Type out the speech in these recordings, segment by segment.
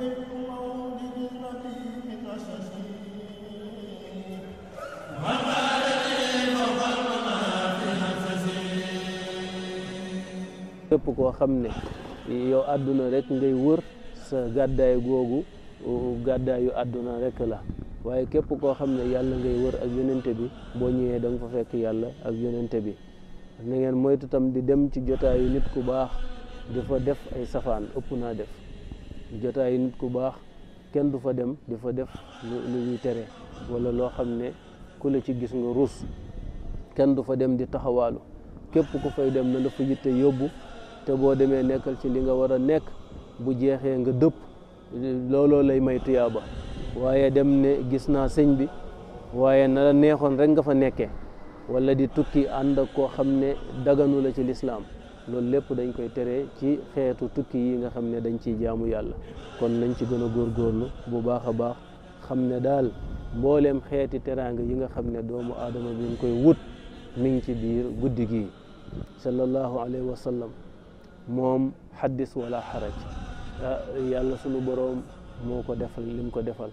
képp koo xam ne yow àdduna rekk ngay wër sa gàddaay googu gàddaayu àdduna rekk la waaye képp koo xam ne yàlla ngay wër ak yonente bi boo ñëwee danga nga fa fekk yàlla ak yonente bi na ngeen moytu tam di dem ci jotaayu nit ku baax dafa def ay safaan ëpp naa def jotaayu nit ku baax kenn du fa dem di fa def lu ñuy tere wala loo xam ne ku la ci gis nga ruus kenn du fa dem di taxawaalu képp ku fay dem na la fa yóbbu te boo demee nekkal ci li nga war a nekk bu jeexee nga dëpp looloo lay may tuyaaba waaye dem ne gis naa sëñ bi waaye na la neexoon rek nga fa nekkee walla di tukki ànd ak koo xam ne daganu la ci lislaam loolu lépp dañ koy tere ci xeetu tukki yi nga xam ne dañ ciy jaamu yàlla kon nañ ci gën a góorgóorlu bu baax a baax xam ne daal mbooleem xeeti teraanga yi nga xam ne doomu aadama bi ñu koy wut mi ngi ci biir guddi gi sallallahu alayhi wa sallam moom xaddis wala xaraj yàlla sunu boroom moo ko defal lim ko defal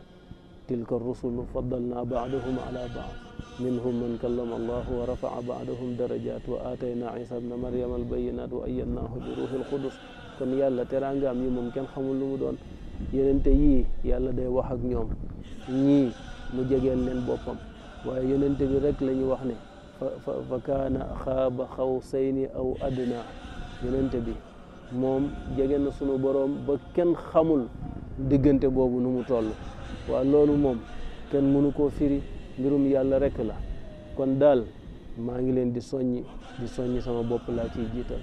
tilka rusulu faddalna baaduhum ala baad منهم من كلم الله ورفع بعضهم درجات وآتينا عيسى ابن مريم البينات وأيناه بروح القدس كون يالا تيرانغا مي ممكن خمول لومو دون يننتي يي يالا داي واخ اك نيوم ني مو جيجين لين بوبام واي يننتي بي رك لا ني واخ ني فكان خاب خوسين او ادنى يننتي بي موم جيجين نا سونو بوروم با كين خمول ديغنتي بوبو نومو تول وا لولو موم كين مونوكو فيري mbirum yàlla rekk la kon daal maa ngi leen di soññi di soññi sama bopp laa ciy jiital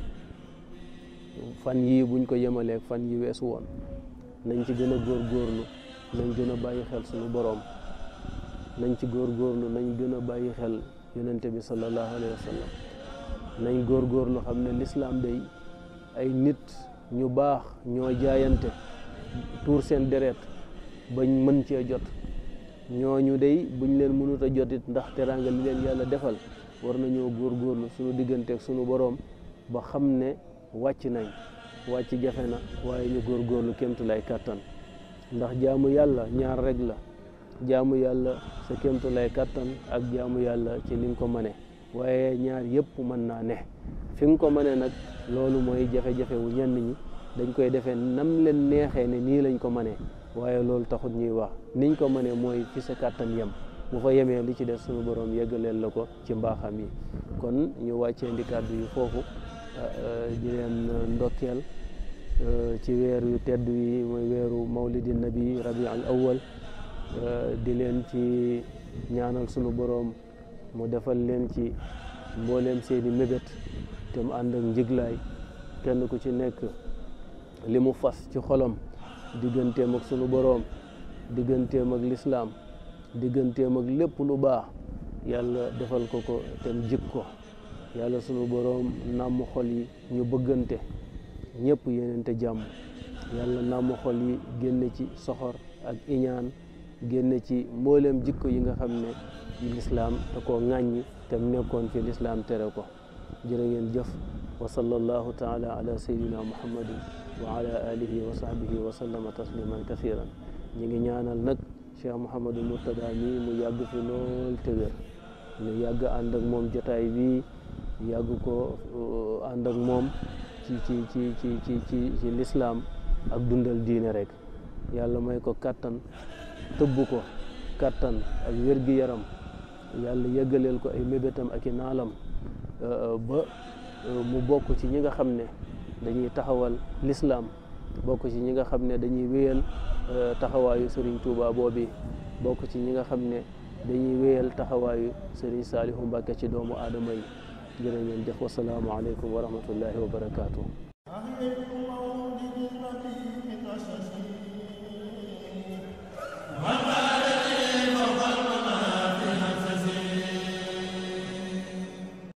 fan yii buñ ko yemaleeg fan yi weesu woon nañ ci gën a góorgóorlu nañ gën a bàyyi xel suñu boroom nañ ci góorgóorlu nañ gën a bàyyi xel yonente bi sallallahu alayhi wa sallam nañ góorgóorlu xam ne lislaam day ay nit ñu baax ñoo jaayante tuur seen deret bañ mën cee jot ñooñu day buñ leen mënut a jotit ndax te teraanga li leen yàlla defal war nañoo góorgóorlu suñu digganteeg suñu boroom ba xam ne wàcc nañ wàcc jafe na waaye ñu góorlu kémtu lay kàttan ndax jaamu yàlla ñaar rek la jaamu yàlla sa kémtu lay kàttan ak jaamu yàlla ci ni nga ko mëne waaye ñaar yëpp mën naa ne fi nga ko mëne nag loolu mooy jafe-jafe wu ñenn ñi dañ koy defe nam leen neexee ne nii lañ ko mënee waaye loolu taxut ñuy wax niñ ko mënee mooy fi sa kàttan yam bu fa yemee li ci def suñu borom yeggaleel la ko ci mbaaxam yi kon ñu wàccee ndi kàddu yi foofu ah, ah, di leen ndokkeel ah, ci weer yu tedd yi mooy weeru mawlidi nabi rabi al awal di leen ci ñaanal sunu boroom mu defal leen ci mbooleem seeni mébét te mu ànd ak njiglaay kenn ku ci nekk limu fas ci xolam digeentem ak sunu borom digeentem ak l'islam digeentem ak lépp lu ba yàlla defal ko ko tem jikko yàlla sunu borom nam xol yi ñu bëggante ñëpp yeenante jàmm yàlla nam xol yi génn ci soxor ak iñaan génn ci mbolem jikko yi nga xamne ne lislaam da koo tem nekkon fi l'islam tere ko jërë ngeen jëf وصلى الله تعالى على sayyidina muhammadin wa ala alihi wa sahbihi wa sallama tasliman kasiran ñi ngi ñaanal nag cheikh mouhamadou mourtada mi mu yàgg fi lool te wér ñu yàgg ànd ak moom jotaay bi yàgg ko uh, ànd ak moom ci ci ci ci ci ci ci lislaam ak dundal diine rek yàlla may ko kàttan tëbb ko kàttan ak wér-gi-yaram yàlla yëggaleel ko ay mébétam ak i naalam uh, uh, ba mu bokk ci ñi nga xam ne dañuy taxawal lislaam bokk ci ñi nga xam ne dañuy wéyal euh, taxawaayu Serigne Touba boobi bokk ci ñi nga xam ne dañuy wéyal taxawaayu Serigne Saliou Mbacke ci doomu aadama yi jërë ngeen jëf wasalaamualeykum wa rahmatullahi wa barakaatu.